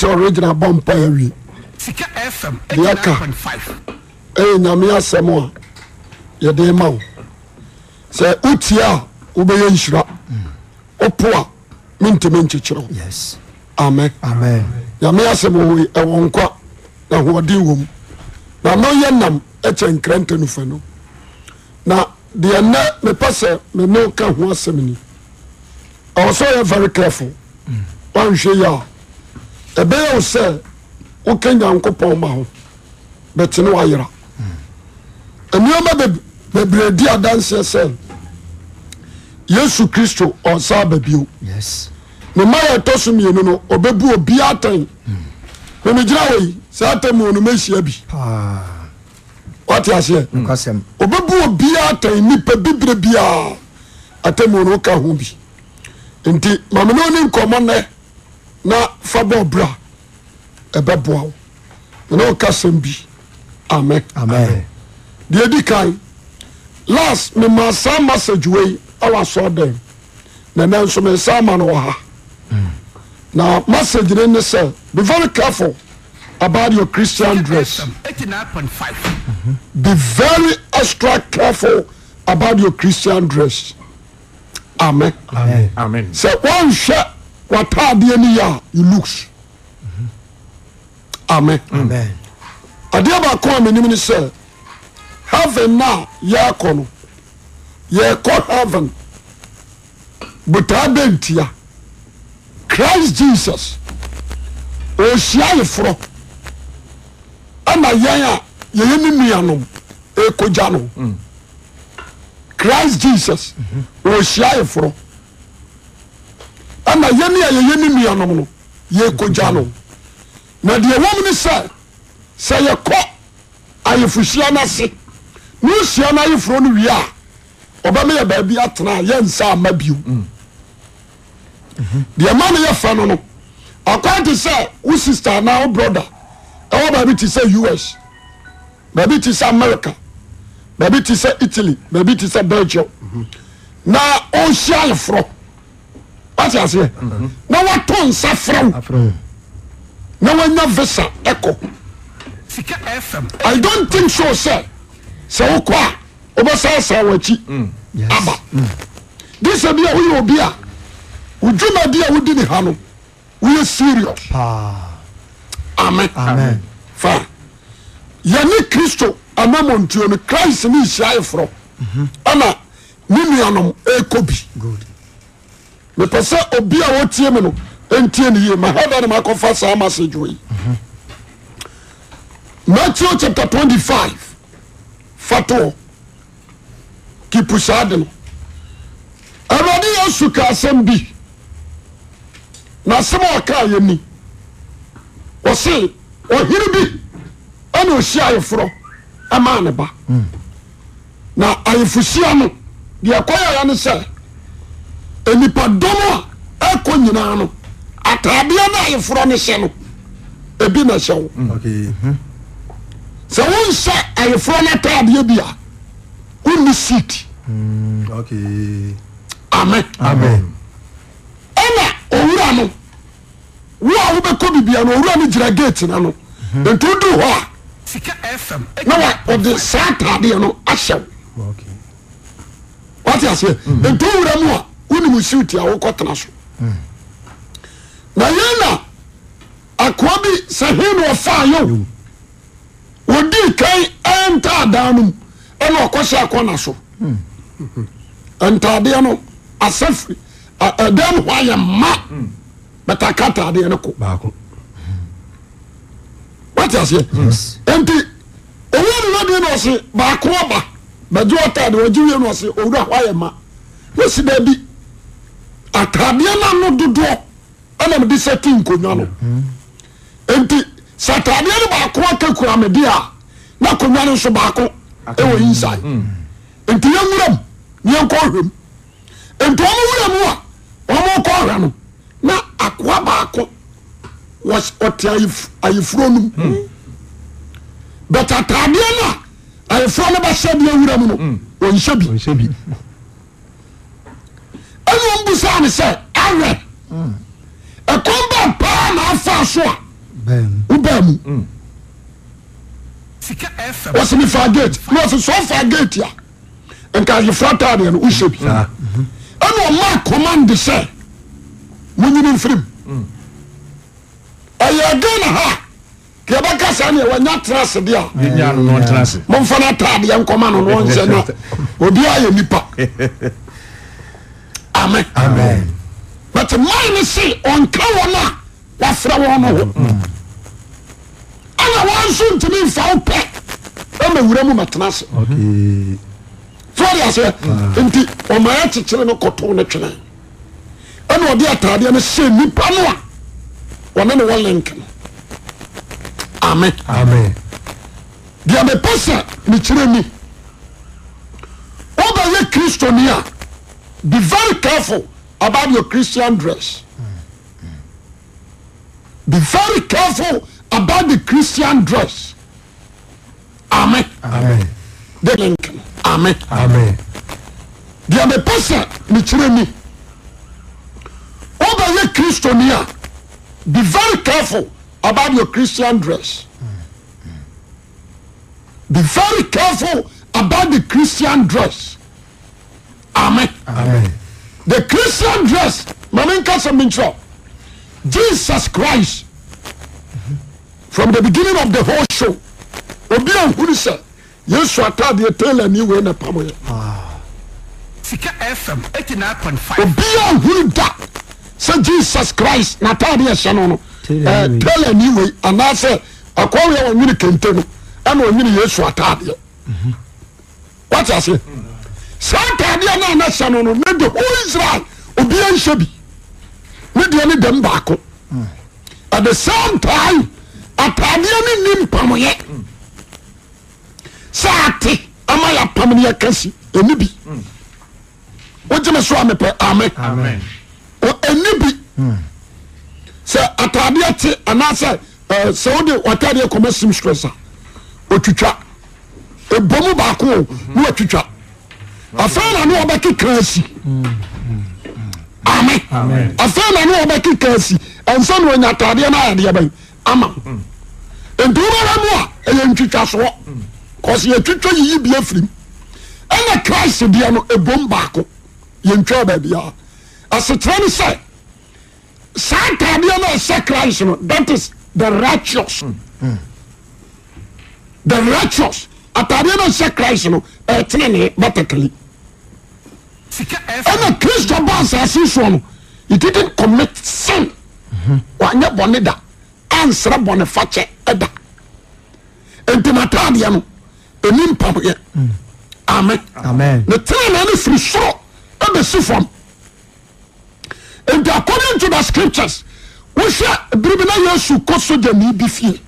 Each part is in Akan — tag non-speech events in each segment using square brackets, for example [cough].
sɛ originalbpa yɛka ɛyɛ nyameɛ asɛm a yɛde ma o sɛ wotie a wobɛyɛ nhyira wopoa mentme nkyekyerɛwo am nyameɛ sɛm h w nka na hode wm na moyɛ nam kyɛ nkrant no f no na deɛnɛ mepɛ sɛ menneka ho asɛmni ɛwɔsɛyɛ vare kref mm. wanhwɛ yia ɛbɛyɛ wo sɛ woka nyankopɔn ma ho bɛtene wayera nneɔma bebree di adanseɛ sɛ yesu kristo ɔnsa aba bio ne ma yɛ ɛtɔ so mmienu no ɔbɛbu obiaa atɛn hmm. memigyina wei sɛ atɛn mu onomɛhyia bi wate aseɛ ɔbɛbu obiaa atɛn nipa bibire biaa atɛn mu ono woka ho bi nti mamene ne nkɔmmɔ nɛ na fa bɔɔ bra ɛbɛboa wo mene woka sɛm bi amen deɛ di kan last memaa saa message wei awɔ asɔɔ dɛn nanɛ nso mensa ma no wɔ ha hmm. na message ne ne sɛ be very careful about your christian dress be very extra careful about your christian dress amen amen sɛ wonhwɛ wataadeɛ no yɛ a you looks amen adeɛ baako a menim ne sɛ heaven na yɛakɔ no yɛkɔ heaven botaa bɛ ntia christ jesus ɔhyia ye forɔ ana yɛn a yɛyɛ ne nuanom ɛkɔgya no mm. christ jesus mhm. ɔhyia ye forɔ ɛna yɛne a yɛyɛ ne nuanom no yɛkogya no na deɛ wɔm ne sɛ sɛ yɛkɔ ayɛfohyia no ase ne ohyia no ayeforo no wie yɛ baabi atena yɛnsa ama bio mm-hmm. deɛ ma no yɛfɛ no no akwan te sɛ wo sister na wo brother ɛwɔ baabi te sɛ us baabi te sɛ america baabi te sɛ italy baabi te sɛ belgium mm-hmm. na ɔnhyia ayeforɔ seɛn woto nsa frɛo na woanya visa ɛcɔ idon tink so sɛ sɛ wokɔ a wɔbɛsɛsa woakyi mm. aba de mm. sɛ bia ho yɛɔbi a wodwuma bi a wodi ne ha no woyɛ syrio ame fa yɛne kristo amamontuo no christ ne nsiayɛ forɔ ana mhm. ne nuanom ɛkɔ bi mepɛ sɛ obi a wɔtie me no ɛntie ne yie mahada ne makɔfa saa message wei matthew chapter 25 fatoɔ kipu saa de no awurade yesu ka asɛm bi na asɛm a ɔkaa yɛ ni ɔse ɔhene bi ɛna ɔsi ayeforɔ ɛmaa ne ba hmm. na ayefosia no deɛ ɛkɔyɛyɛ ne sɛ nipadɔm a ɛkɔ nyinaa no ataadeɛ no ayeforɔ no hyɛ no ebi na hyɛ wo mm. mm-hmm. sɛ wonhyɛ ayeforɔ no ataadeɛ bi a wonni seat mm, amen ɛna owura no wo a wobɛkɔ bibia no owura no gyina gate na no mm-hmm. nti woduru hɔ a na wa ɔde saa ataadeɛ no ahyɛ wo wate aseɛ mm-hmm. nti wowura mu a nna ena akoa bi sɛ he nɔfayɛ wodi kɛ ntada no nksɛ anas ntadeɛ hɔayɛma aaɛɛ ni wnuwns baaba ɛegwɛda ataabiɛ no no dodoɔ anamde sɛ te kongua no nti sɛ ataabeɛ no baako kakua medeɛa na konguwa no nso baakɔ wɔ insi hmm. nti wɛwuram neɛnkɔ hɛm nti ɔmowura mu a ɔmakɔ hɛ no na akoa baakɔ ɔte ayiforo nom hmm. but ataabeɛ noa ayforɔ no bɛsɛ biawura mu no hmm. ɔnhyɛ bi ɛnmbu saa ne sɛ arɛ ɛkom ba paa na afaa so a woba mu mm. wɔsne fa gate na ɔs sɛ fa gate a nkayefra ta deɛ no wohɛ bi ah. ɛnɛma command de sɛ moyimo mfirim mm. ɛyɛ gan ha yɛbɛka sa neɛ wɔanya trasedea momfɔ no ta deɛ nkɔmano nɔnɛ na obiaa yɛ nipa amen but man no se ɔnka wɔn a wafrɛ wɔn no ho ɛna wɔn nso ntumi nfa wo pɛ ɛma wura mu matena ase fɔde aseɛ nti ɔmaa akyekyere no kɔtoo no twene ɛna ɔde ataadeɛ no sɛ nnipa no a wɔne ne wɔ link no amen deɛ mepɛ sɛ mekyerɛ ni wobɛyɛ kristoni a be very careful about or hristian dress be very careful about the christian dress ami ami teabe pese mi chere mi obeye christoni a be very careful about your christian dress be very careful about the christian dress ame the christian dress mamenka sɛ menkyerɛw jesus christ from the beginning of the whole show obi huru sɛ yesu atadeɛ tele niwei ne pamyɛ5obia hunu da sɛ jesus christ natadeɛ hyɛ no no talniwei eh, anaasɛ ako weɛ wɔnwene kente no ɛmaɔnwene yesu atadeɛ mhm. sa atadeɛ ne ana sa no no nede ho israel obinhyɛ bi medeɛ ne dɛmu baako atthe same time atradeɛ ne nim pamyɛ saate amayɛ pamnea ka si anibi wogyeme soamepɛ ame anibi hmm. sɛ atadeɛ te anasɛsɛwode tadeɛ sm srsa wuwa bom bak natwutwa afi nanɛk krasii na asaɛ noa mu a yɛntwitwa soɔ yɛtwitwa yeyi bia firim nɛ christ deɛ no bo bak ywaasetran sɛ aa tadeɛ noɛsɛ cris oaisritrit ɛ oɛcisoee ɛne krista bonsese nsua no o didnt commit sen wanyɛ bɔneda ansere bɔnefachda ntatrade no npam e tene naane firi soro abesifa mo nti akomin juda scriptures wosɛ biribi na ye su ko sojanebi fie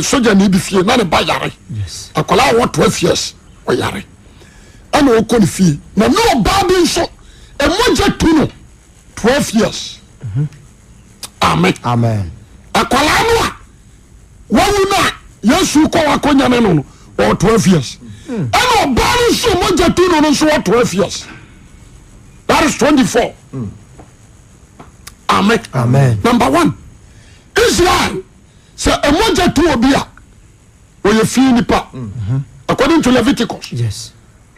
sjane 2 yeas fnbadns mɔgya t no 2 years am akala no a wawunoa yasu kwyano 2 years ɛnbansya t ns 2 years bars 24 ame numbe o esia sɛ mɔgya tu abia ɔyɛ fie nipa hmm. according to leviticos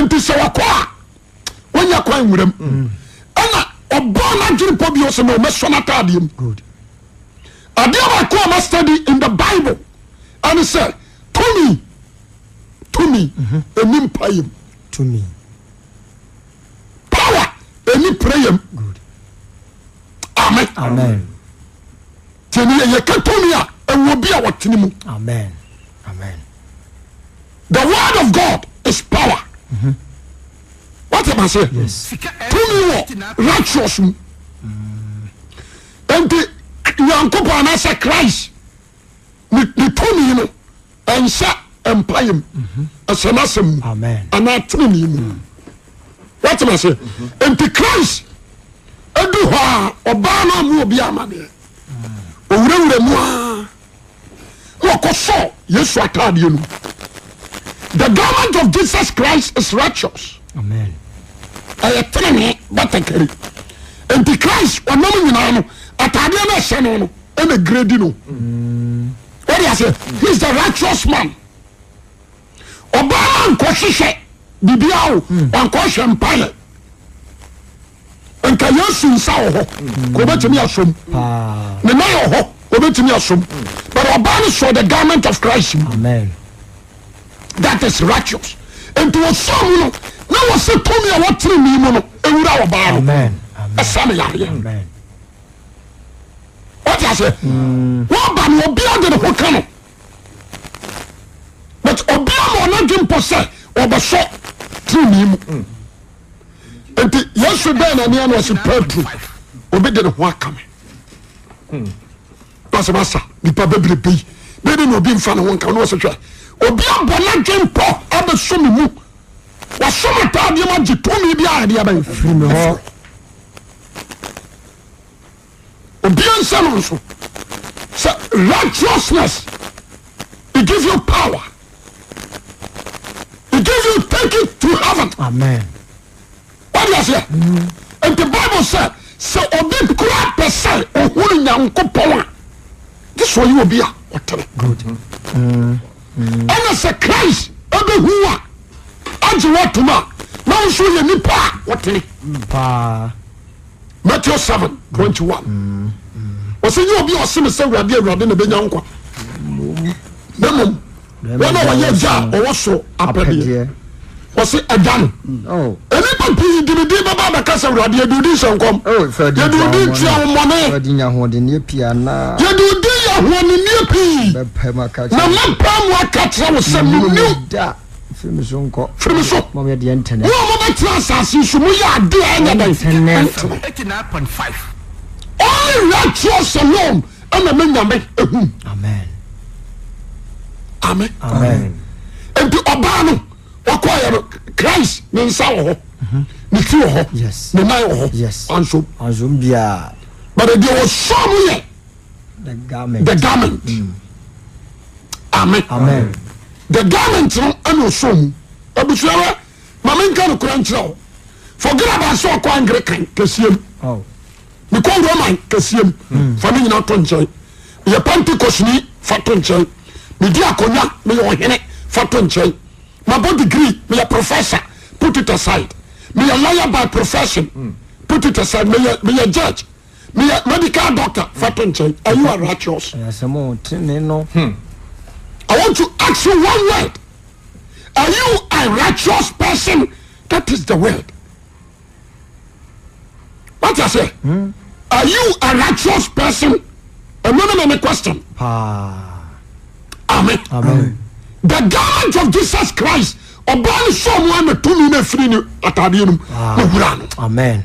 nti sɛ wɔkɔ a wonya koa nweram ɛna ɔbaa no adwere pɔ bi wɔ sɛ ne ɔmɛsone ata adeɛ mu adeɛ bakoama study in the bible ane sɛ tomi tomi anipa mhm. yam power eni pra yam ame ntiane yɛ yɛka tomi a ɛwu bi a wɔtene mu the word of god wate ma seɛ tumi wɔ righteous mu nti nyankopɔn anaasɛ christ ne tumi no ɛnhyɛ mpayam ɛsɛnasɛm mu anaa tenene mu wate ma seɛ nti christ ɛdu hɔ a ɔbaa no amu obi amaneɛ owurawura mu a na ɔkɔsɔ yesu ataadeɛ no mu the government of jesus christ is righteous Amen. ɛyɛ tenene batakari nti christ ɔnam nyinaa no ataadeɛ no ɛhyɛ no no ɛna gire di no mm. wɔde ase he is the righteous man ɔbaa nkɔhyehyɛ bibia o wankɔhwɛ mm. mpaeɛ nka yesu nsa wɔ hɔ mm. ka obɛtumi asom ne nan wɔ hɔ asom but ɔbaa no sɔ the government of christ Amen. that is rightous nti wɔsomu no ne wɔsɛ tomiawo tere mimu no wra ɔbao ɛsɛno yrɛ ts banadero ho ka no but ia manedwompɔ sɛ ɔbɛsɔ tire mimu nti yɛso bɛ nanenas papro obi der ho kameɛsa hmm. nipabrb ɛenaobmfanooaneswɛ obi abɔ ne dwen pɔ abɛso me mu wasome paa diam agye toomibiaadeɛbɛ obinsɛ no nso sɛ rightousness i give you power i give you tak i to heven badeasɛ ente bible sɛ sɛ obi korapɛsɛ ohoro nyankopɔw a te soyɛ obia ɔtel ɛna sɛ christ ɛbɛhu a agye wɔtom a na nso yɛ nipa a wɔtene matthew 7 21 ɔsɛ nyɛ obi a ɔse me sɛ awurade awurade na bɛnya nkwa na mmom wɔn a wɔyɛ agya a ɔwɔ so apɛdeɛ wɔsi ɛdan enipa oh. pii dimidi bɛba abɛkasa awurade yɛde odi nsɛnkɔm yɛde odi ntua ahomɔne yɛde odi nenea pii na mɛpɛ mo aka tra wo sɛnf mobɛtera asase somuyɛ de5 wa kɔsalom na manyame hu nti ɔba no wakɔyɛ christ ne nsan wɔhɔ mhm. ne kihɔtdɔsmyɛ the gvement ns bs mamekenrir fograbesekongrakn kesiee seyantosnyf begre y professor potiside eylyby proession hmm. psideey meyɛ uh, medical doctor fato nkyɛn are you righteous eh, hmm. i want to ask you one word are you a righteous person that is the word what i say hmm? are you a righteous person ɛno ne mene question amen, amen. the garment of jesus christ ɔbaa ne sɛ ɔmoa na tumi no afiri ne atadeɛ nom na wura no amen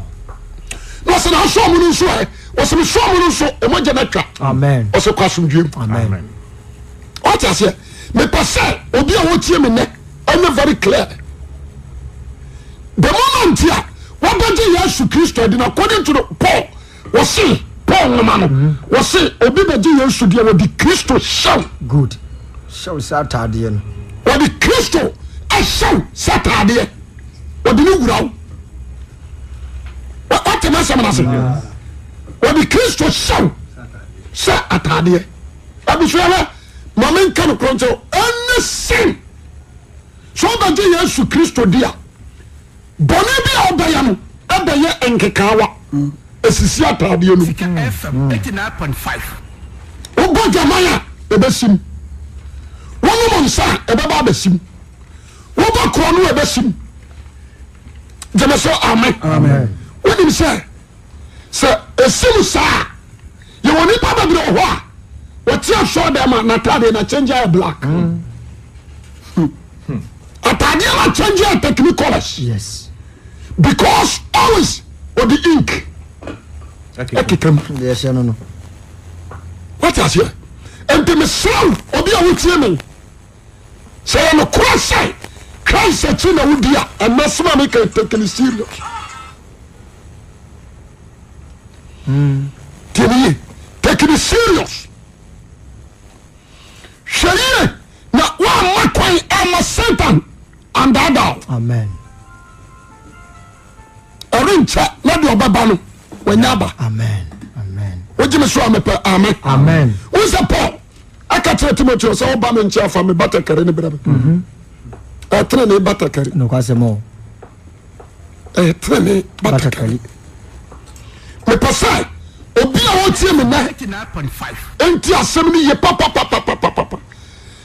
nsnasomo no nsu ɔsm som no nso ɔmɔya ntwa ɔs kwasomdwm taseɛ pɛ sɛ obi awɔte menɛ ɔɛ very klear bamo nonti a wɔbɛgye yɛ su kristo de no acdin to pau ɔse pal woma n bgeyɛs ɔd kristo ɛd kristo hɛw sɛ tadeɛ ɔden wurawo wate masɛm no se wɔde kristo hyɛw sɛ ataadeɛ abusua hɛ ma menka no korɔ nkyɛ ɛne sen sɛ wobɛgye yesu kristo di a bɔne bi a wobɛyɛ no ɛbɛyɛ nkekaawa ɛsisi ataadeɛ no Jamaya, gyaman a ɛbɛsim wonom nsa a ɛbɛba bɛsim wobɔ korɔ no ɛbɛsim gyeme sɛ amen wenim sɛ sɛ ɛsi m saa yɛwɔnepa babrɛ whɔ a wteɛ so demanatadeɛ nakyangyeablack mm. hmm. atadeɛno akyangyea tekni coles because always ohe inkamwɛ nt mesera wo obiawotie me sɛ yɛnekorasi christ aki nawodia ɛnasma meka tekniserious temiye tekeri serious seyere na waama kei oma satan andadao erenta nadiobaba no wenye ba weji me sua me pe amen wese pau aka tera timoteo se woba me nkiafa me batekeri ne brebe etere me batekeri etereme batakari mepɛ sɛ obi a wotie menɛ5 ɛnti asɛm no ye pap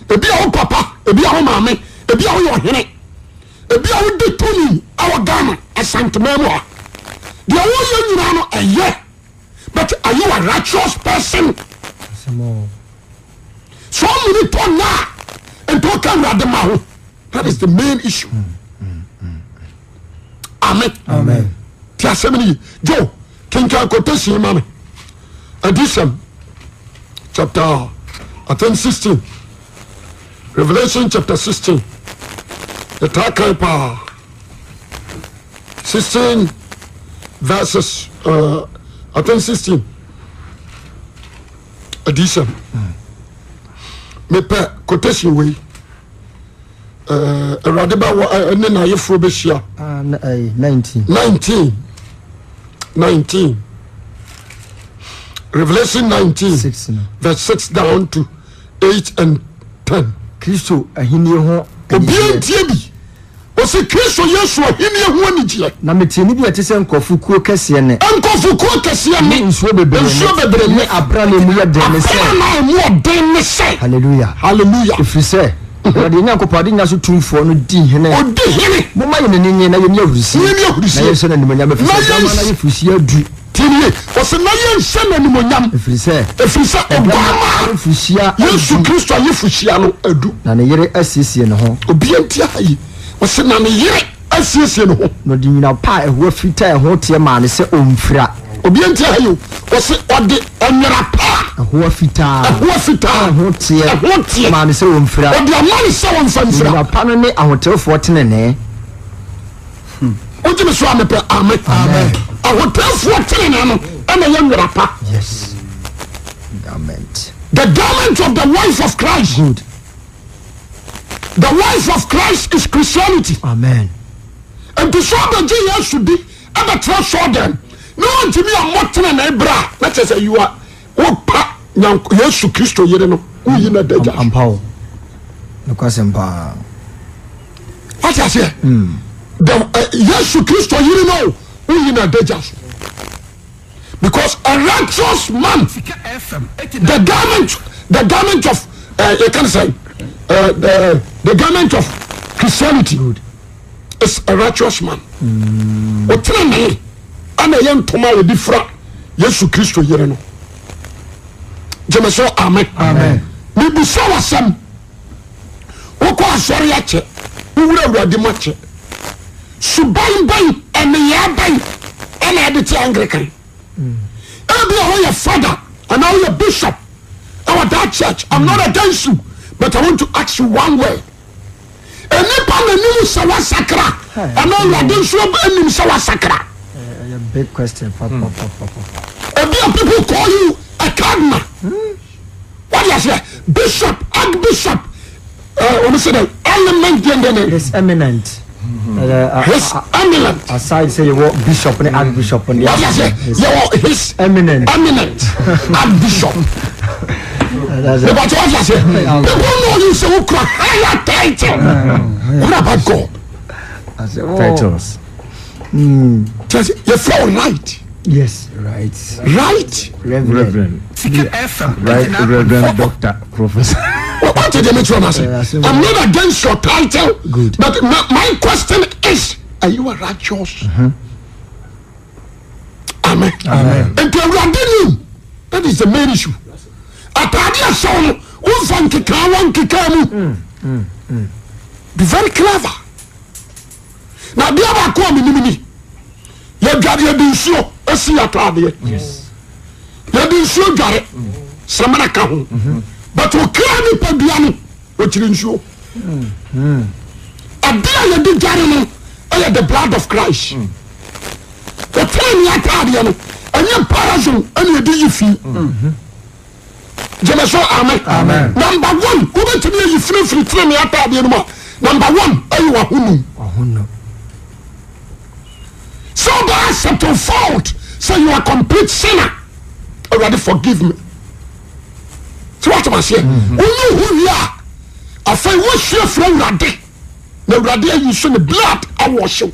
ebia wo papa ebia wo maame ebia wo yɛ hene ebia wo de tuni awogano asantemamoa deɛwoyɛ nyina no ɛyɛ but ayɛwa rihtous person someni tɔ naa ntoka wurade ma ho thatis the main issue mm, mm, mm, ame ti asɛm noy kenki kotesima me adisem chapter aen 16 revelation chapter 16 etaa kai pa 6 verses uh, ae 16 adisem mepe kotesin wei uh, awurade bɛwo nenayeforo besia 19 Nineteen, revelation nineteen, six no. verse six down to eight and ten. kristo ahenni ho obiara ntie bi ɔsɛ kristo yesu ahenni ho anigyeɛ na metee ne bi a ɛte sɛ nkɔfokuo kɛseɛ ne nkɔfokuo kɛseɛ ne nsuo bebree ne abra na ɛmu yɛ den ne sɛ halleluya halleluya ɛfiri deɛnya nkɔpɔ de nyna so tomfoɔ no di henemoma yɛne nen nihrsɛnyɛfrusia duɛrsfrsane yere asiesie ne hor nɔdenyinapa hoa fita hoteɛ mane sɛ ɔmfra ahoɔ fitaa ahoɔ fitaa ahoɔ teɛ ahoɔ teɛ maame sɛ wɔn fira ɔdi amaani sɛ wɔn fa nfira nyinapa no ne ahotefoɔ tenene. wogye me so a mepɛ ame ahotefoɔ tenene no ɛna yɛ nyinapa. yes garment. the garment of the wife of Christ. Good. the wife of Christ is Christianity. amen. And to show nti sọ abegye yesu bi ɛbɛtena sɔɔ dɛm na wɔn ntumi a mɔtena na ebira na kyerɛ sɛ yiwa wɔpa. yesu kristo ernwayesu kristo yere no woyina da agya so beau arightou manethe gorment of christianity is arightous manen hmm. ana yɛntma dfra yesu kistoer eswsɛm wokɔ asɔreaky wowur wradi mky suba ba neyba ɛndete angli ka mm. ɛbɔyɛ fade nyɛ bishop wa church imnaansu but i wantto a yo onewrd ɛneamnswkrnnsɛwsakra obi a people call you a cardinal wọ́n di ase bishop archbishop omisede element di ndende. his eminent. Hmm. Eh, uh, his uh, eminent. aside say you yẹwọ bishop ni archbishop ni. wọ́n di ase yẹwọ his eminent eminent [laughs] archbishop. ìbàtí wọ́n di ase people know you say o kura higher title [laughs] what about God. Oh. titles. yẹ fẹ́ o light. imno agantilebut my question is aouarisentadn mm-hmm. thatis the main issue aasn oa nkkawa nkkamueveyver dɛdnsuo asiytadeɛ yɛdensuo dware samene ka ho mhm. but kra nipɛ dua no akyiri nsuo mhm. adea yɛde gyare no ɛyɛ the blood of christ ɔteraneatadeɛ mm. no ɛnye para o aneade yi fi mhm. gyemɛ so amɛ numbe one wobɛtimiyayifino firi teaneatadeɛ nomua numbe one aywahono So wobɛa accept your fault sɛ you are complete sinner Already forgive me So what sɛ woatam mm-hmm. who wonye are? I say afei woahwie afiri awurade na awurade ayi so the blood I awɔ hyew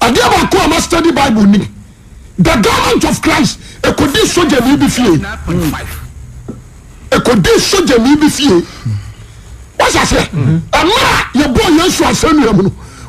adeɛ baako a ma study bible ni the government of christ ekodi sojani bi fie ekodi sojani bi fie mm. wasa se mm-hmm. ɛmɛ a yɛ bɔ yɛn su asɛnua mu no.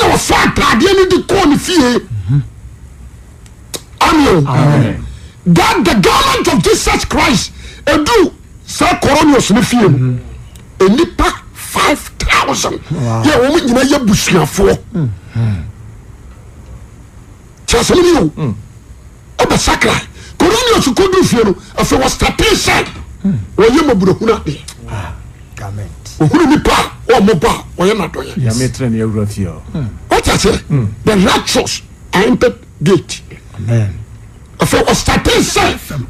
nawɔfa tadeɛ no de kɔɔ ne fie ame that the goernment of jesus christ aduu saa coronius no fie n ɛnipa 5000 yɛ wɔm nyina yɛbusuafoɔ kɛsɛnoni mm. ɔbɛ sakra coronius kɔdro fie no afeiw stesɛn mm. wɔyɛma bunahun ade ah, teugaɔat sɛ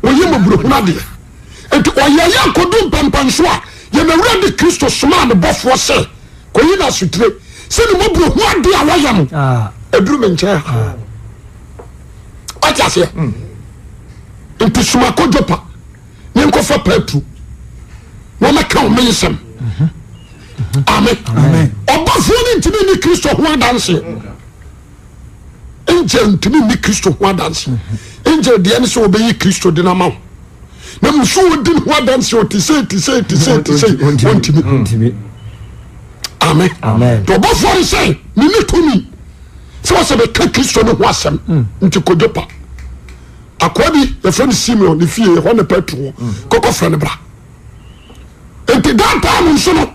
ɔyɛ mɔborohudeɛ nti ɔyɛyɛ akɔd pampanso a yɛmawura de kristo somaa nebɔfoɔ sɛ ɔyinsotir sɛne mbrohuadeɛayɛ noduryɛaseɛ nti somakɔ jopa nenkɔfa paapu wɔnaka ɔmensɛm ame ɔbafoɔ no ntimi nni kristo ho adanse ngel ntimi nni kristo ho adanse ngel ni ne sɛ wɔbɛyi kristo de no ama wo na muso wodi ne ho adanse ɔte sei te sei te sei te sei ɔntimi ame nti ɔbafoɔ no sɛ mene tomi sɛ wɔsɛ bɛka kristo no ho asɛm mm. nti kodwo pa akoa bi yɛfrɛ no simeon ne fie hɔ ne petro mm. kɔkɔ frɛ no bra nti daa taa mo nso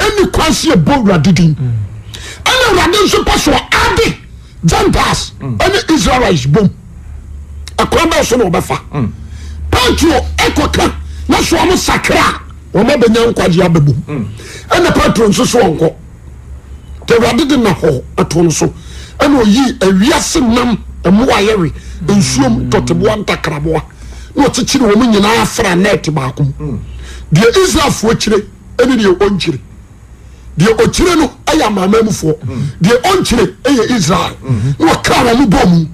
ɛni kwasi ɛbɔ awurade din ɛna awurade nso pɛ so ade gentiles ɛne israelites bom ɛkwan bɛɛ so na ɔbɛfa petro ɛkɔka na so ɔmo sakra a wɔn abɛnya nkwagye abɛbom ɛna petro nso so ɔnkɔ te awurade de na hɔ ɛto no so ɛna oyi awiase nam ɛmoa yɛre nsuom tɔteboa ntakraboa na ɔkyekyere wɔn nyinaa afra net baako deɛ mm. israelfoɔ kyire ɛne deɛ ɔnkyire deɛ ɔkyire no ɛyɛ amamamufoɔ deɛ ɔnkyire ɛyɛ israel na wɔkra wɔ mo bɔ mu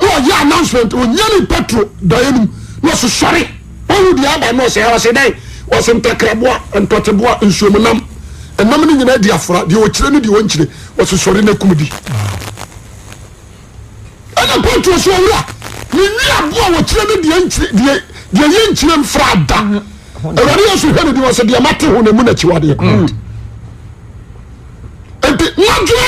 na ɔyɛ announcement ɔnya ne petro daeɛ nom na ɔsosɔre ɔhu deɛ aba na ɔsɛ ɔsɛ dɛn ɔsɛ ntɛkrɛboa ntɔteboa nsuomunam ɛnam no nyinaa di afra deɛ ɔkyire no deɛ ɔnkyire ɔsosɔre no akum di ɛna petro sɛ ɔwura menwi aboa wɔkyire no deɛ yɛ nkyire mfra da awurade yɛ so hwɛ no deɛ ɔsɛ deɛ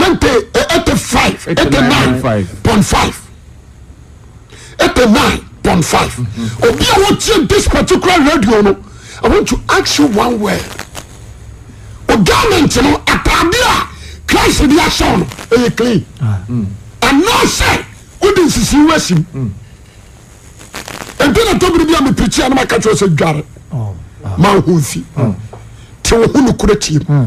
ninety eh, eighty five eighty nine point five eighty nine point five mm-hmm. obi a wɔtie this particular radio no i want to ask you one word ogamenti no ataade a christ de ahyɛ no ɛyɛ clean ah. mm. anaa sɛ wode nsisi wo asi mu ɛnti mm. na tɔbiri bi a mepirikyi a no maka kyerɛ sɛ dware oh, ah. ma ho mfi mm. te wo ho no kora tie mu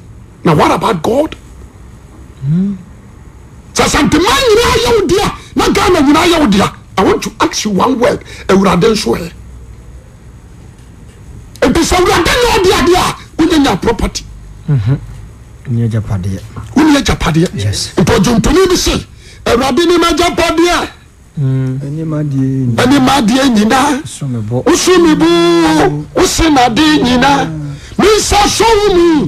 ssntma yina ayedia nnese es wur dediad wyenya property wnjapade ntjtnmse ewurabe nem japade nema d yinaosombo wsn yina mesa sow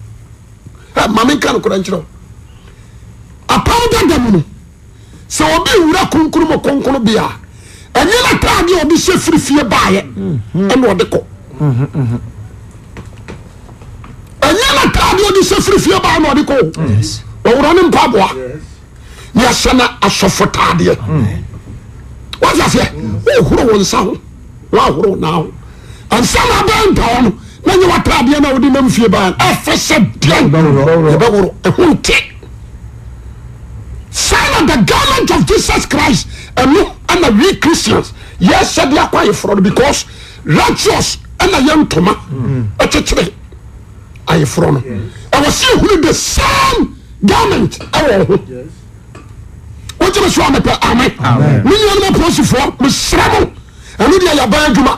mamenka no kora nkyerɛ apounta da mu no sɛ ɔbɛ wura konkrom konkrono bia ɛyena tradeɛ odesɛ firifie baɛ mhm, mhm. neɔde kɔynaadeɛɔdɛ firifie ba nd or n mpaboa neasɛna asɔfo tadeɛ mm. waɛ ohoroo nsaonsannao yɛ wtabia noawd namfie b ɛfesɛ biɛnyɛrhont sana the gment of jesus christ ɛno ana we christians yɛsɛdeɛ akɔ ayforɔ no because ritius nayɛntoma mm. kyekyere ayforɔ no ɛwɔ sehuru the same ganment wɔho wogemɛ so nompsfoaesrɛmndw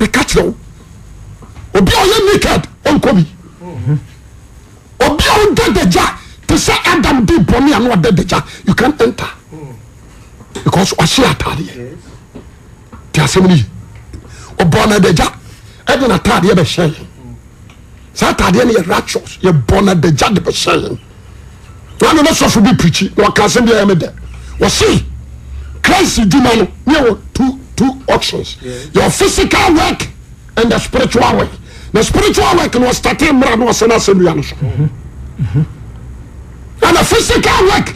meka kyerɛ wo obi a ɔyɛ naked ɔnkɔ bi obi a ɔda dagya te sɛ adam de bɔne a na ɔda dagya you can enter because ɔhye ataadeɛ te asɛm no yi ɔbɔ na dagya ɛde nataadeɛ bɛhyɛ yɛn saa ataadeɛ no yɛ righteous yɛbɔ na dagya de bɛhyɛ yɛn wọn nana sọfún bi pirikyi na wọn kà sẹ ndé ẹ mi dẹ wọ sí christ juma no ní ẹ wọ two ilile physical wok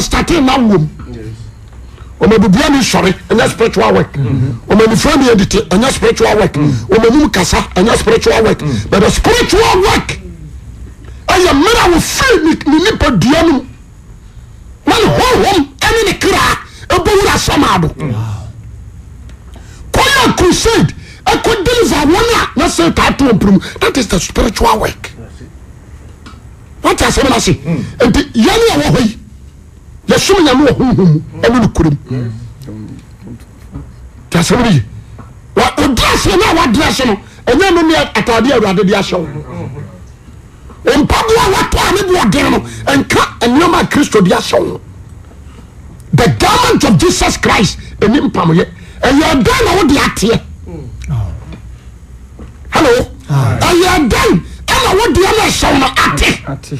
satenawo omebbns silue spiritual wok eye mera wofe enipaduamu men hohom enene kra ebower samado un crusade ɛkɔ deliver wɔn a na say taa to ɔmpirim that is the spiritual work wate has no and nti yɛne a wɔ hɔ yi yɛsom nyame wɔ honhom mu ɛne no no a wɔadrɛ ase no ɛnyɛ no ne atadeɛ awurade de ahyɛ wo mpaboa a wɔtoa no et de the garment hum hum, hmm. hmm. of jesus christ ɛni mpamoyɛ ɛyɛ dan na wode ateɛ alo ɛyɛ ɔdan ɛma wodeɛ no ɛsɛw no ate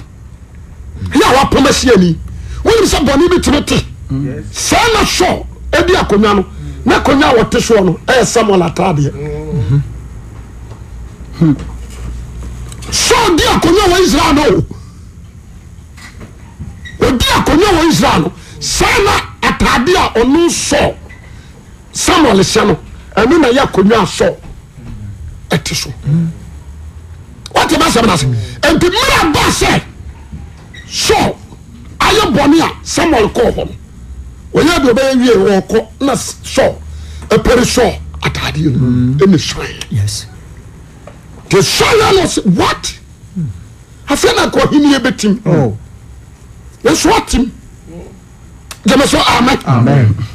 yɛ wapɔma siani wenem sɛ bɔne bi temi te sɛna sɔ ɔdi akonwa no na akonnwa awɔte soɔ no ɛyɛ sɛmalaatadeɛ sɛ di akonnua w israa no ɔdi akonwa w isiraa no sɛna ataadeɛ a ɔno sɔ samuel hyɛ no ɛno na yɛ akonnwa asɔ ɛte so wate ma sɛm nase nti mmerɛ ba sɛ sɔ ayɛ bɔne a samuel kɔɔ hɔ no wɔyɛ de ɔbɛyɛ wie wɔkɔ na sɔ ɛpɛre sɔ ataadeɛ no ɛne sɔe te sɔe no sɛ what afei na kɔhenie bɛtim yɛso atim jẹmẹ sọ amẹ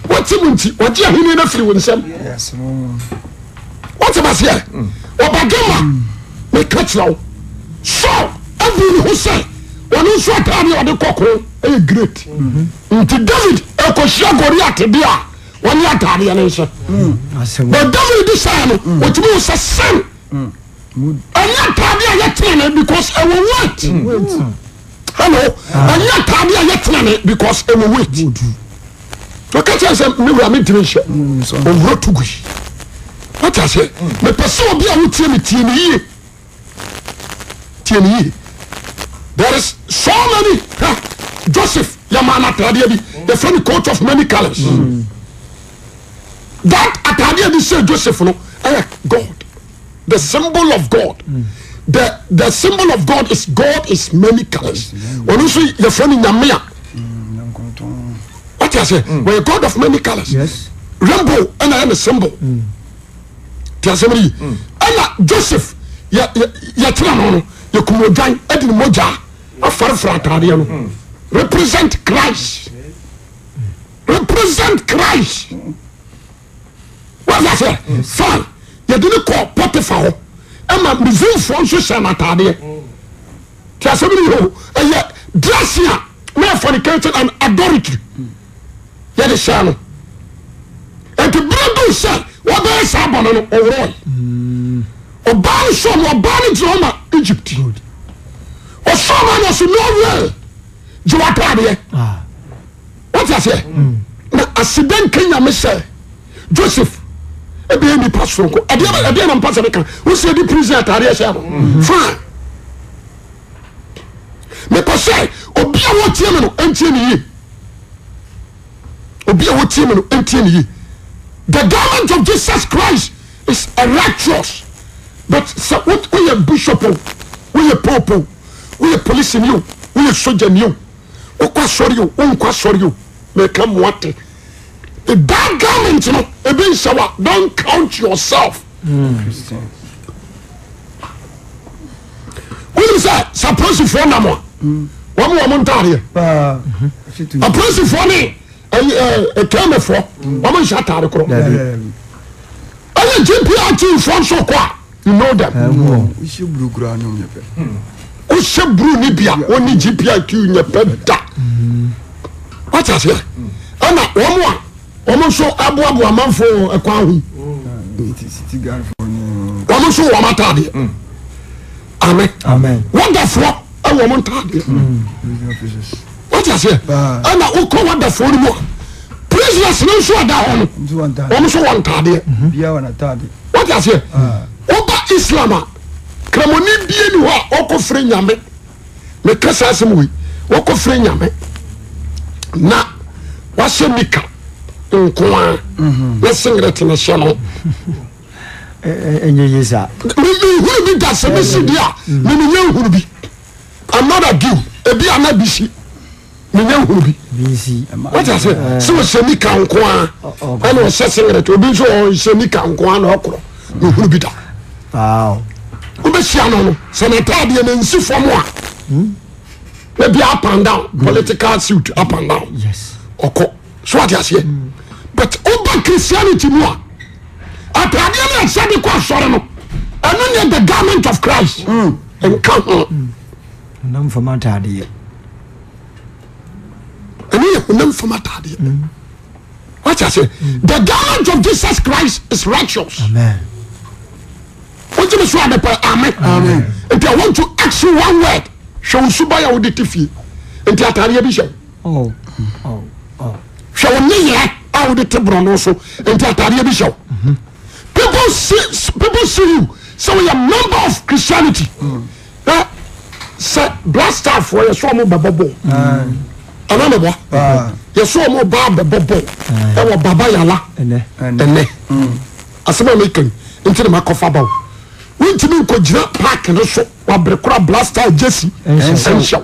wọ́n ti mu nti wọ́n di ahimi náà firi wọn nsẹ́m wọ́n ti ma se yẹ ọba gẹ́mà mi ká kyerẹ́ o sọ ẹ̀fọ́ ni hosẹ́ wọn ní nsọ àtàwọn ọdẹ kọkọ ẹ yẹ great mm-hmm. nti David ẹ kọ si agori àtẹ̀dẹ́ a wọ́n ní àtàwọn yẹn ní nsọ bọ̀ David sáyẹn no wọ́n ti mu sẹ́ sẹ́m ẹ̀ ní àtàwọn yẹn yẹ because ẹ̀ wọ wait. haloaye atade ah. yɛ tena ne because ɛmuwet esɛwmedatg mepɛsɛ obiaho tiami tinyie thereis so many joseph yɛma n ataradea bi yefre coach of many calis mm. tat atadea bi se joseph no ɛ god the symbl of god mm. bofissman ln yafani yame fan cls rabea ɛnayane symbl tiasɛmrey ɛna joseph yatera nono yɛkmdan ɛdenmdya afarefratadeɛ no retisrret cristɛs yɛdenik ɛma mesemfoɔ nso syɛ no atadeɛ tasɛminɛyɛ drese a mɛɛfɔ ne keke an adorit yɛde syɛ no nti berɛdo sɛ wdyɛ sa bɔn n ɔr ɔban s ɔbano tnama egypt ɔsɔba ne ɔso nowe gyewadadeɛ wtasɛ na ah. mm. asedɛnkenyamesɛ joseh d e onow tim ntinye the gverment of jesus christ isaritous oye bishop wy pap wy policeney soane rreama that garment no ebi nhyɛ wa don't count yourself. Hmm. Hmm. wọ́n sɛ sapolisifoɔ nam a wọ́n mu wɔn ntaadeɛ apolisifoɔ ni kɛmɛfoɔ wọ́n mu nhyɛ ataade korɔ ɛna gpr tiifoɔ nso kɔ a you know them. o hyɛ buru ni bia o ni gpr tiw nyɛ pɛ da wọ́n ti ase yɛ ɛna wɔn mu a wɔn nso aboaboa amanfo ɛkwan ho wɔn nso wɔn ataadeɛ amen wɔdafoɔ ɛwɔ wɔn ntaadeɛ hmm. wɔte aseɛ ɛna okɔ wɔdafoɔ no mu a prisoners no nso ɔda hɔ no wɔn nso wɔn ntaadeɛ mhm. wɔte aseɛ wɔba islam a kramoni bie ni hɔ a ɔkɔ fere nyame mekasa asɛm wei wɔkɔ fere nyame na wahyɛ nika. nko e seretnesnoehuru bi da semesi da emeya huru bi another ina bsi meya hru isni kanooes nnas fm apan political apanas but woba christianity mu a ataadeɛ no ɛsɛde kɔ asɔre no ɛno ne the garment of christ mm. nka ho ɛno yɛ honam fam ataadeɛ mm. wakyɛ sɛ mm. the garment of jesus christ is righteous Amen. wogyeme so ade pɛ ame nti i want to ask you one word hwɛ wo suba yɛ wode te fie nti ataadeɛ bi hyɛ hwɛ wo ne yerɛ awdetbrnsnti atde bie peple see se weye mumber of christianity s blastar fo ysm bbb nbba ah. ysom ba bbb w babayala n mm. asm k ntik fab wentimi nkgyina pak nso bere kora blastar jesisem seb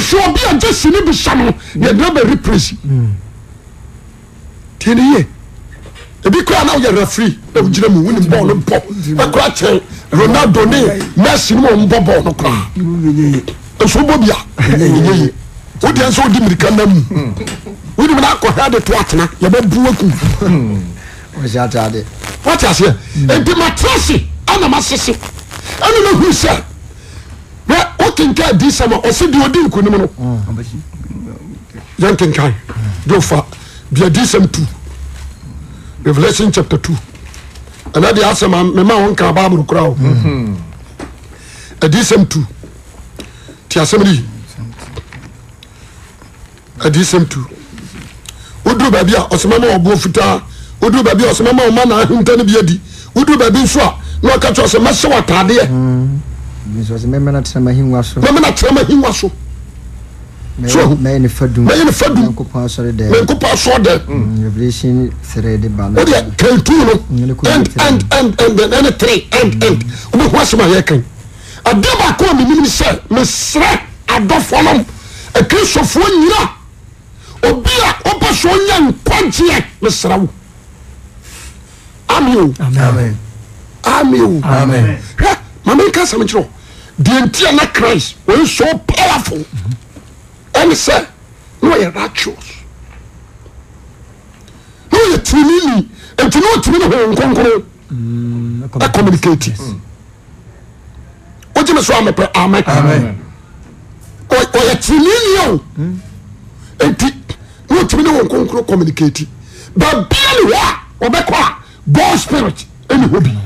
sɛ ɔbi a gye si ne bisa no yɛdena bɛri presi tiɛ ne yie ebi kura na yɛ refiri na o gyina mu wini bɔɔl no bɔ ɛkura kyɛn Ronaldo ne Messi ne wɔn bɔ bɔɔl no kura nso bɔ bia ɛyɛ yie o deɛ nso di mirika nam mu wini mu n'akɔ hɛ de to atena yɛ bɛ bu eku wɔte aseɛ nti matrasi ɛna ma sisi ɛna ma hu sɛ wokenka adi sɛm a ɔse deɛ ɔdi nkonim no yɛnkenkan deɛ ɔfa deɛ adi sɛm tu revelation chapter 2 ɛna deɛ asɛm a mema wo nka bible kora o adi sɛm tu ti asɛm ne yi adi sɛm tu woduru baabi a ɔsɛma ma ɔboɔ fitaa woduru baabi a ɔsɛma ma ɔma naahenta no bi adi woduru baabi nso a na ɔka kyerɛ ɔsɛ mɛhyɛ wɔ ataadeɛ ɛntram wa somyɛne fadkpɔ sdktehsk de baka menini sɛ meserɛ adɔfolom kristofoɔ yira obia ɔbɛ so ɔye nkayeɛ mesera wo s deɛntiana christ ɔɛsu powefl ɔne sɛ ne ɔyɛ ritos neɔyɛ timineni nti ne ɔtimi ne h kronkra mm, communicati mm. wogyeme so ampɛ ame ɔyɛ timineni mm. nti ne ɔtimi no wo konr communicati but biane hɔ ɔbɛka bol spirit nehɔ bi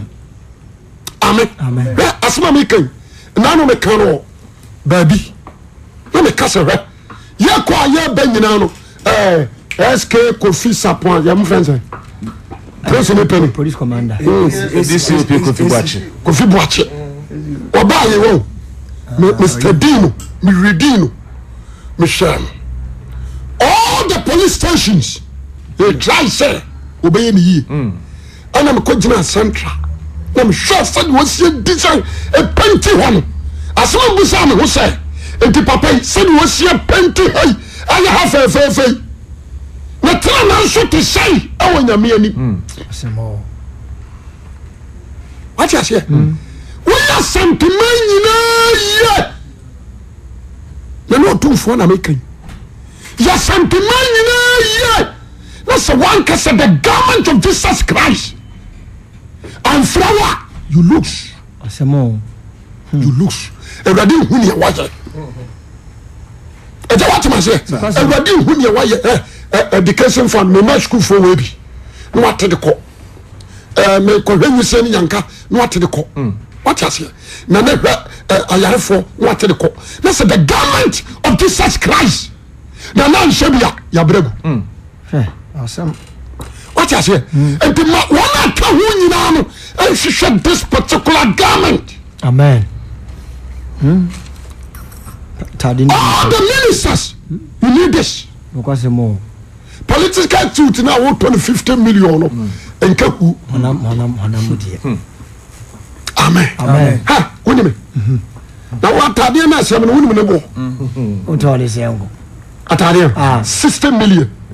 m asm nanu mi kan no baabi na mi kasa hwɛ yɛ kɔ a yɛ bɛ nyinaa no ɛɛ eh, sk kofi sapon yɛ mu fɛn sɛ polisi ni pɛni police commander mm. dcp kofi buakye kofi buakye ɔbaa yi wɔn mr ah, dino mihiri dino mihyɛn all the police stations yɛ dry sɛ ɔbɛyɛ ni yie mm. ɛna mi kɔ gyina central. namhwɛ sɛne waasie disa pɛnti hɔne asɛmɛ bu sɛ ne ho sɛ nti papayi sɛne wɔasie pɛnti hai ayɛ ha fɛfɛfɛi netra na nso te sɛi ɛwɔ nyameni hmm, sɛ weyɛ hmm. asantema nyinaa yɛ nane ɔomfoɔ namekay yɛsantema nyinaa yɛ na sɛ wonka sɛ the goverment of jesus christ And flower you lose. Vous you lose awurade nhu nea Vous ɛgya watema sɛ awurade nhu Vous wayɛ education fund mema for Vous bi Vous wate Vous kɔ eh, mekɔhwɛ nwusɛ no nyanka Vous wate de No mm. what aseɛ na Vous eh, na the government of jesus christ na na ya Vous a Vous wati aseɛ nti ma wɔn a ka nyinaa no nhyehyɛ this particular garment. amen. Hmm? tade ni all the ministers you need this. nukwa se mo. political tilt na awo tɔni fifty million no hmm. nka ku. ɔnam ɔnam ɔnam diɛ. Hmm. amen. amen. ha o nyɛ mi. na wa ataadeɛ na asɛm no wuli mu ne bɔ. o tɔ de sɛ n kɔ. ataadeɛ ah. sixty million.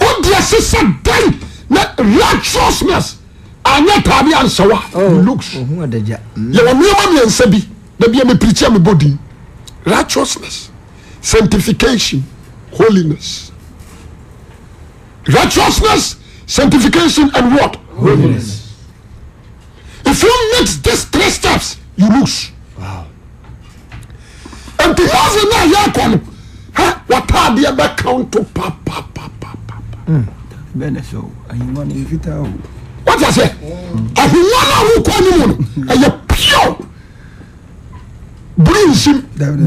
wodeɛ sesɛ dan ne righteousness anyɛ taade ansyɛwa oh. mm. yɛwɔnoɛma miɛnsa bi de biameprekia mebodin righteousness sanctification holiness righteousness sanctification and ward if you mix this tree steps you los ntihase ne ayɛrkɔ no watadeɛ bɛcownto pa Hmm. bẹ́ẹ̀ ni sọ àyìnwá ni fita o. wọ́n ti àṣẹ àhùnwá náà wò kọ́ ni mu no ẹ̀yẹ pure blue nsim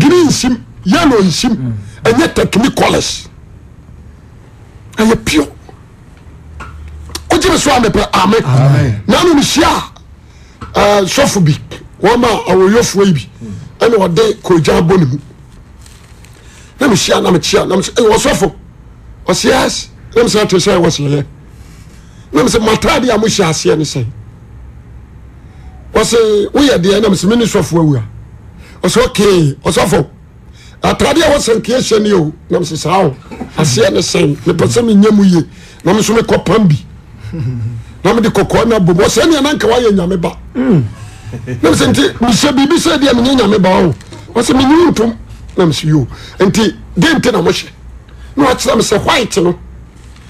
green nsim yellow nsim hmm. ẹ̀yẹ technique colours ɛyɛ pio wogyeme so amepɛ ame nano mehyia a sɔfo bi wɔma awoyɔfoɔ yi bi ɛne ɔde kɔgya bɔ ne mu na mehyia na mekyia na mesɛ ɛwɔ sɔfo ɔsias nam sɛ ate sɛ ɛwɔ sɛyɛ nam sɛ mataadeɛ a mohyɛ aseɛ ne sɛ wɔse woyɛ deɛ nam sɛ mene sɔfo awura ɔsɛ okee ɔsɔfo ataadeɛ a wɔsɛ nkeɛ hyɛ ne o nam sɛ saa o aseɛ ne sɛn mepɛ sɛ menyɛ mu ye na me so mekɔpam bi na mede kɔkɔɔ no abom ɔsɛ neɛ na nka woayɛ nyame ba nam hmm. sɛ nti mehyɛ biribi sɛ deɛ menyɛ nyame ba o oh. ɔsɛ menyini ntom nam sɛ yo nti de nti na mohyɛ na wakyerɛ me sɛ white no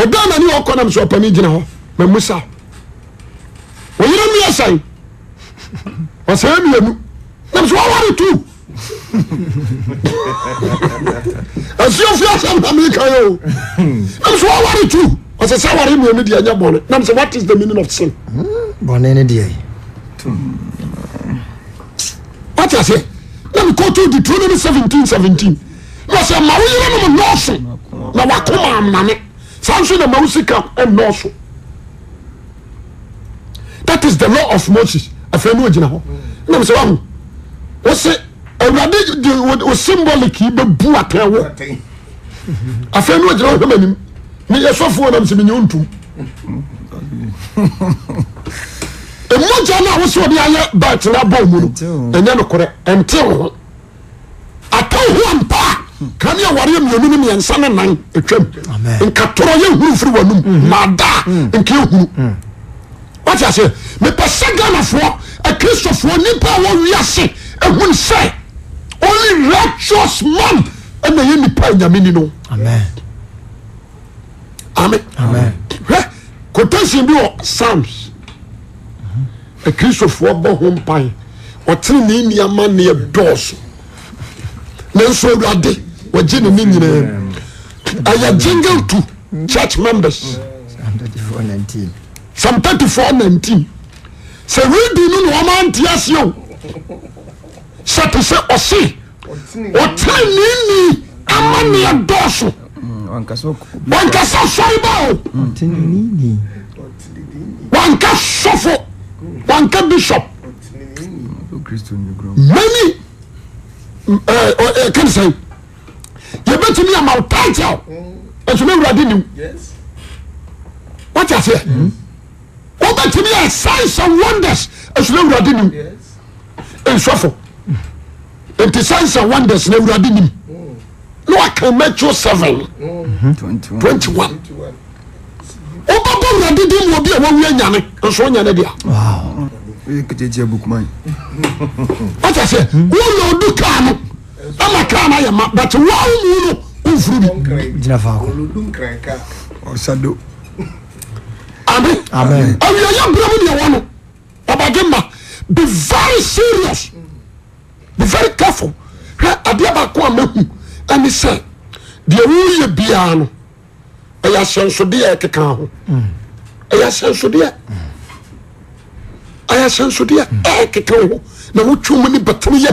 oanani s yere mie se seian eswawaretwaretet s smyer swa aa sonamawoka ɔnɔsotaisthe aw ofos af nginahaɛwhwosolicyi ɛ f ngan eyɛsfonsnyɛ ot a nwosnɛ ba uyon kane awareɛ mmienu ne mmiɛnsa ne nan atwam nkatorɔ yɛhunu firi w'anum maadaa mhm. mhm. nka ɛhunu mhm. wate aseɛ mepɛ sɛ ghanafoɔ akristofoɔ e nipa a wɔwiase ahun e sɛ only righteous man ɛna e yɛ nipa a nyame ni no amen hwɛ quotation bi wɔ psalms akristofoɔ bɔ ho mpae ɔtene ne nneɛma ne ɛdɔɔso nanso awurade wgyene ne nyinɛ aya jingle to church members same 3419 sɛ redi mo ne wɔmaanteaseɛo sɛto sɛ ɔse ɔta neenii ama neɛdɔɔso mm, wankasa sɔe ba o wanka sɔfo wanka bishop mm, maniɛkeme mm, sɛi yɛbɛtumi ama wo title ɛsome awurade nim wate aseɛ wobɛtumi yɛ signs and wonders ɛsome awurade nim nsɔfo nti signs and wonders na awurade nim na waka matthew seven mm-hmm. twenty one wobɛbɔ awurade din mu obi a wawu anyane nso wonyane dea wate aseɛ wona ɔdu kaa no ɛma kra no ayɛ ma but wonu no omfru ier wiayɛ brɛmu deɛwɔno abade ma be very serious be very carfl ɛ adeɛ baako a mahu ane sɛ deɛ woyɛ biaa no ɛyɛ ahyɛ nsodeɛ keka ho mm. ɛyɛɛsɛɛyɛhyɛnsodeɛ mm. keka ho nawotwom ni bɛteyɛ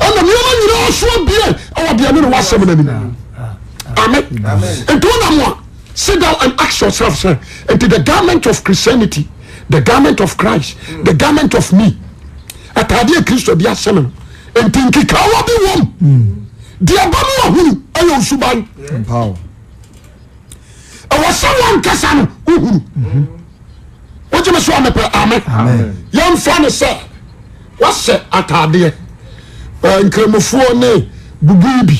umanyinaso bie ɛwɔdeno no wsɛmnonim ntwonama sidown an a yoursef sɛ ɛnti the goernment of christianity the goenment of christ the goenment of me atadeɛ kristo de asɛ no nti nkeka wode w hmm. deɛba m auu ɛyɛba ɛwɔ sɛ wnksa no wou mhm. wogyemeso ɛ a yɛmfa no sɛ wsɛ atadeɛ nkramofoɔ ne bubuibi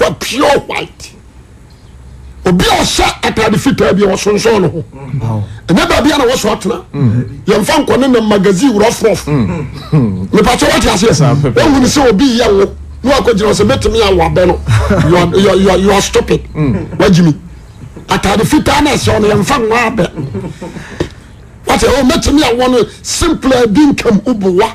wɔ mm. pure white obi a ɔhyɛ atade fitaa bi a ɔsonsɔn no ho ɛnyɛ baabi a na wɔsɔ atena mm. yɛmfa nkɔ ne nam magazine rɔfrɔf nipakyɛ wɔte aseɛ wɔhunu sɛ obi yɛ wo ne wakɔgyina sɛ mɛtumi awɔ abɛ no [laughs] you are stupid mm. wagyimi atade fitaa na ɛsɛ no yɛmfa nwa abɛ [laughs] wɔte ɛwɔ oh, mɛtumi awɔ no simple bi nkam wobowa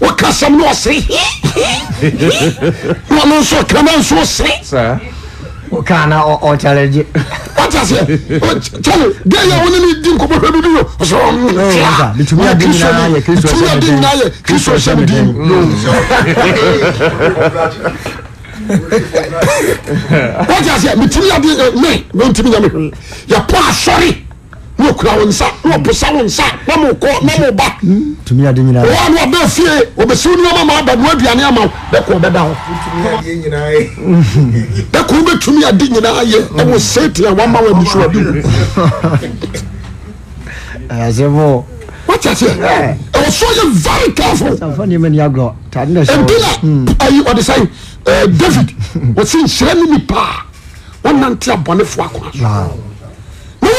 woka asɛm no ɔsere ɔno nso kama nso ɔsere wokaa na ɔkyɛregye da yɛ wo ne di nkɔmɔhwɛ bi bio ɔsɛmetumi ade kristo hyɛ me din wọ́n ti ase mìtìmí yà di ẹ ne okura wo nsa ne ɔposa wo nsa na mo kɔ na mo ba tumi ade nyinaa wɔn ano ɔbɛ fie obesiw nneɛma ma aba no aduane ama wo bɛ kɔ ɔbɛda hɔ bɛ kɔ wobɛtumi ade nyinaa yɛ ɛwɔ seeti a wama wo abusuade wo wati ase ɛwɔ so yɛ very careful ebila hmm. ayi ɔde sɛ david [laughs] wɔsi nhyira ne ni paa a abɔne fo akora so.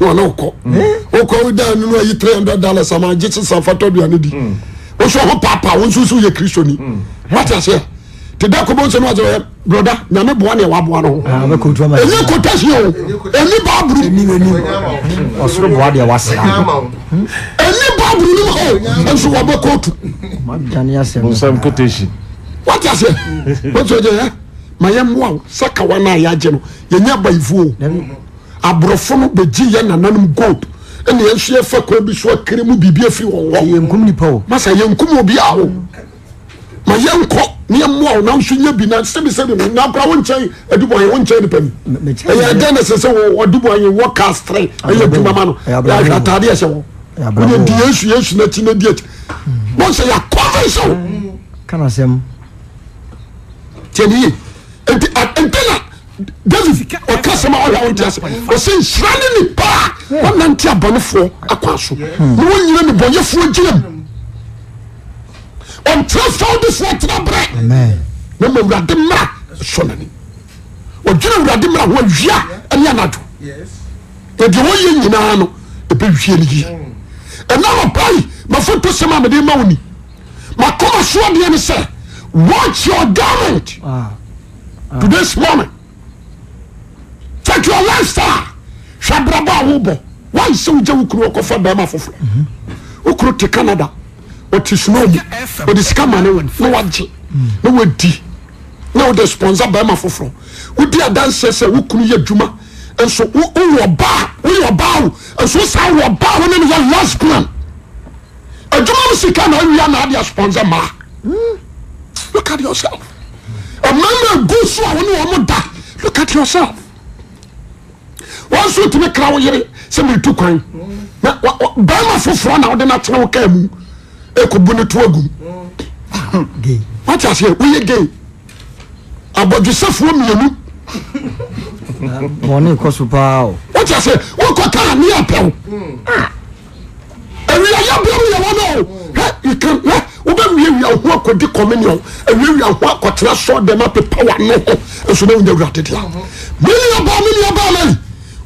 wọn náà kọ okọ awo dan nínú ayi three hundred dollars àmà àjẹ sísan fatọ duane di o sọ ọhún paapa o nsusu yẹ kristu ni wàtí àṣẹ te dẹ kọbọ nsọ ní wàjẹ ẹ broda nyame bua ni ẹ wà bua no ẹni kòtà si o ẹni baaburu ọsoro bua de ẹ wà sira ẹni baaburu ni o ẹnso wà bẹ kóòtù bọnsẹm kòtèsì wàtí àṣẹ o sọ jẹ ẹ eh, mà yẹ mú àwọn sakawa náà yà jẹ no yẹ nyẹ abayifu o aborɔfo no bɛgyi yɛ nananom gold ɛne yɛnso yɛfa kwan bi so akere mu biribi afiri wɔn hɔ masa yɛnkum obi a wo ma yɛnkɔ ne yɛmmoa wo nanso nya bi na sɛbisɛbi no na kora wo nkyɛn adubɔnyɛ wo nkyɛn nipa bi ɛyɛ dɛn na sɛ sɛ wɔdubɔnyɛ wɔ castre ɛyɛ adwumama no yɛahwɛ atadeɛ hyɛ wɔ wone di yesu yesu n'akyi na akyi bɔn hmm. sɛ yɛakɔve sɛ wo kana sɛm tiɛne ye nti nyira no nipaananteba nfoɔ akaso n nyinaneɔyɛ f am trɛode oeraberɛ na mawurade mmara snne ena wurae mmranen dɛɔyɛ nyinaa no ɛne ɛnaabamaɔsɛm mdmani maaodeɛ n sɛ watch your gement ah. ah. toays moment check your lifestyle hwɛ abrabɔ a wobɔ wáyé sɛ wogya wo kuro ɔkɔfa bɛrima foforɔ wo kuro te canada ɔte snow mu ɔde sika ma ne na wagye na wadi na wode sponsor bɛrima foforɔ wodi adanseɛ sɛ wo kunu yɛ adwuma nso woyɛ ɔbaa woyɛ ɔbaa wo nso saa wɔ ɔbaa wo ne last yɛ lesbian adwuma no sika na awia na a sponsor ma. look at yourself ɔma no agu so a wo ne wɔ mo da look at yourself wọn nso tumi kra wo yere sɛ mitu kwan na bɛrima foforɔ na ɔde na tena wo kaa mu ekobu ne to agum wate aseɛ woyɛ gay abɔdwesafoɔ mmienu bɔne kɔ so paa o wate aseɛ wokɔtaa ne apɛw awiayɛ bia mu yɛwɔ no o wobɛwiawia wo ho akɔdi communion awiawia ho akɔtena sɔ dɛm apepa wa no ho nso na wonya awuradedea meniaba meniaba lai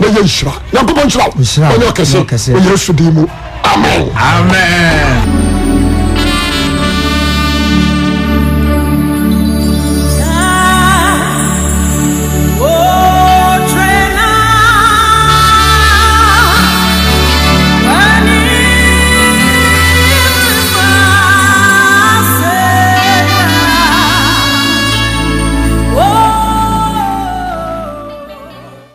شp sdm